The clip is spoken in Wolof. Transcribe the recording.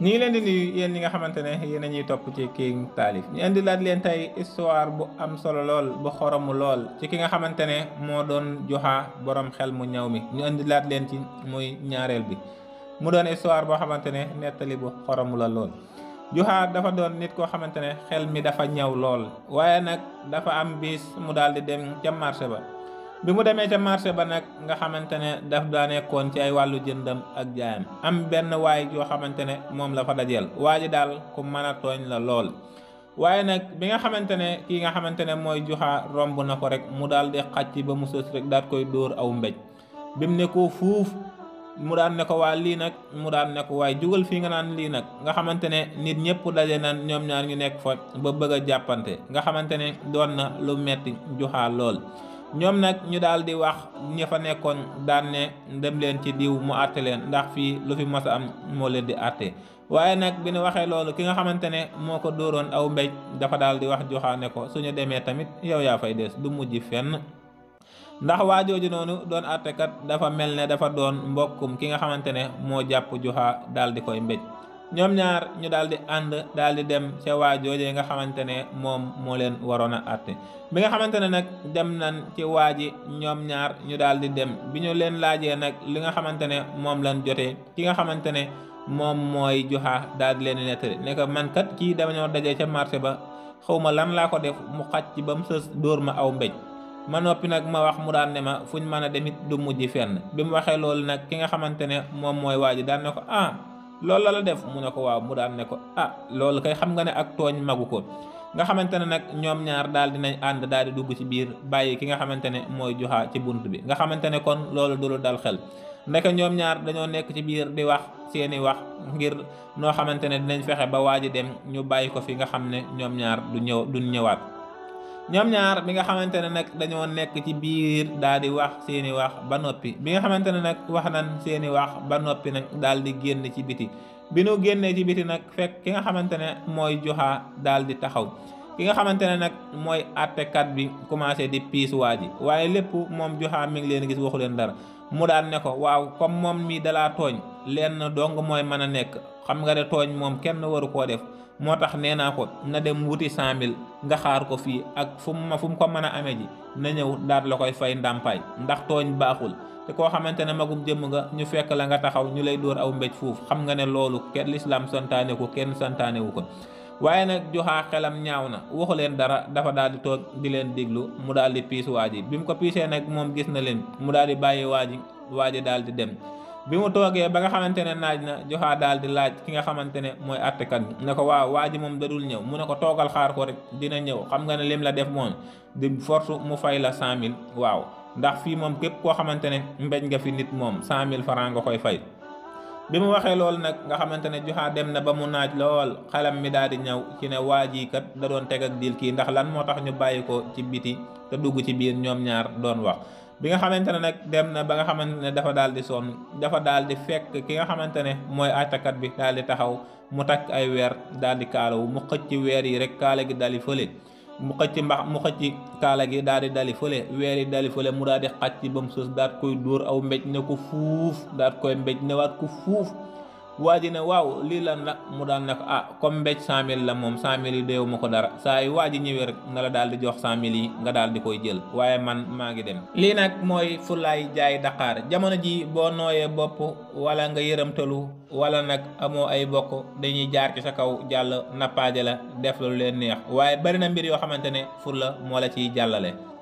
nii ngi leen di nuyu yéen ñi nga xamante ne yéen ñuy topp ci King Taalif ñu indilaat leen tey histoire bu am solo lool bu xoromu lool ci ki nga xamante ne moo doon joxa boroom xel mu ñaw mi ñu indilaat leen ci muy ñaareel bi mu doon histoire boo xamante ne nettali bu xoromu la lool. Juxa dafa doon nit koo xamante ne xel mi dafa ñaw lool waaye nag dafa am bis mu daal di dem ca marché ba. bi mu demee ca marché ba nag nga xamante ne daf daa nekkoon ci ay wàllu jëndam ak jaayam am benn waay joo xamante ne moom la fa dajeel waa ji daal ku mën a tooñ la lool waaye nag bi nga xamante ne kii nga xamante ne mooy joxaa romb na ko rek mu daal di xàcc ba mu sës rek daat koy dóor aw mbej bi mu ne ko fuuf mu daan ne ko waa lii nag mu daan ne ko waay jugal fii nga naan lii nag nga xamante ne nit ñëpp daje naan ñoom ñaar ñu nekk fa ba bëgg a jàppante nga xamante ne doon na lu metti joxaa lool ñoom nag ñu daal di wax ña fa nekkoon daan ne dem leen ci diw mu àtte leen ndax fii lu fi mas a am moo leen di àtte waaye nag bi ñu waxee loolu ki nga xamante ne moo ko dóoroon aw mbéj dafa daal di wax joxaane ko suñu demee tamit yow yaa fay des du mujj fenn ndax waa jooju noonu doon àttekat dafa mel ne dafa doon mbokkum ki nga xamante ne moo jàpp joxaa daal di koy mbej ñoom ñaar ñu daal di ànd daal di dem ca waa jooje nga xamante ne moom moo leen waroon a àtte bi nga xamante ne nag dem na ci waa ji ñoom ñaar ñu daal di dem bi ñu leen laajee nag li nga xamante ne moom lañ jote ki nga xamante ne moom mooy joxaa daal di leen di nettali ne ko man kat kii dama ñoo dajee ca marché ba xaw ma lan laa ko def mu xaj ci ba mu sës dóor ma aw mbéj ma noppi nag ma wax mu daan ne ma fuñ mën a demit du mujj fenn bi mu waxee loolu nag ki nga xamante ne moom mooy waa ji daan ne ko ah. loolu la la def mu ne ko waaw mu daan ne ko ah loolu kay xam nga ne ak tooñ magu ko nga xamante ne nag ñoom ñaar daal dinañ ànd daal di dugg ci biir bàyyi ki nga xamante ne mooy joxaa ci bunt bi nga xamante ne kon loolu du lu dal xel ndeke ñoom ñaar dañoo nekk ci biir di wax seeni wax ngir noo xamante ne dinañ fexe ba waa ji dem ñu bàyyi ko fi nga xam ne ñoom ñaar du ñëw duñ ñëwaat ñoom ñaar bi nga xamante ne nag dañoo nekk ci biir daal di wax seeni wax ba noppi bi nga xamante ne nag wax nan seeni wax ba noppi nag daal di génn ci biti bi nu génnee ci biti nag fekk ki nga xamante ne mooy joxa daal di taxaw ki nga xamante ne nag mooy àttekat bi commencé di piis waa ji waaye lépp moom joxa mi ngi leen gis waxu leen dara mu daan ne ko waaw comme moom mii dalaa tooñ lenn dong mooy mën a nekk xam nga ne tooñ moom kenn waru koo def moo tax nee naa ko na dem wuti cent mille nga xaar ko fii ak fu mu fu mu ko mën a amee ji na ñëw daat la koy fay ndàmpaay ndax tooñ baaxul te koo xamante ne magum jëmm nga ñu fekk la nga taxaw ñu lay dóor aw mbej fuuf xam nga ne loolu kenn lislaam santaane ko kenn santaane wu ko waaye nag joxaa xelam ñaaw na waxu leen dara dafa daal di toog di leen diglu mu daal di piis waa ji bi mu ko piisee nag moom gis na leen mu daal di bàyyi waa ji waa ji daal di dem bi mu toogee ba nga xamante ne naaj na joxaa daal di laaj ki nga xamante ne mooy àttekat bi ne ko waaw waa ji moom dadul ñëw mu ne ko toogal xaar ko rek dina ñëw xam nga ne lim la def moom di force mu fay la cent mille waaw ndax fii moom képp koo xamante ne mbéj nga fi nit moom cent mille franc nga koy fay bi mu waxee loolu nag nga xamante ne joxaa dem na ba mu naaj lool xelam mi daal di ñëw ci ne waa ji kat da doon teg ak diil kii ndax lan moo tax ñu bàyyi ko ci bit te dugg ci biir ñoom ñaar doon wax bi nga xamante ne nag dem na ba nga xamante ne dafa daal di sonn dafa daal di fekk ki nga xamante ne mooy attakat bi daal di taxaw mu takk ay weer dal di kaalawu mu xëcc weer yi rek kaala gi daal di fële mu xëcc mbax mu xëcc kaala gi daal di dali fële weer yi dali fële mu daal di xàcc ba mu sës daat koy dóor aw mbéj ne ko fuuf daat koy mbéj ne waat ko fuuf waa ji ne waaw lii lan la mu daan nag ko ah comme mbéj cent mille la moom cent mille yi déewu ko dara saa yu waa ji ñëwee na la daal di jox cent yi nga daal di koy jël waaye man maa ngi dem lii nag mooy fulaay jaay daqaar jamono ji boo nooyee bopp wala nga yërëmtalu wala nag amoo ay bokk dañuy jaar ci sa kaw jàll nappaaje la def lu leen neex waaye bari na mbir yoo xamante ne fula moo la ciy jàllale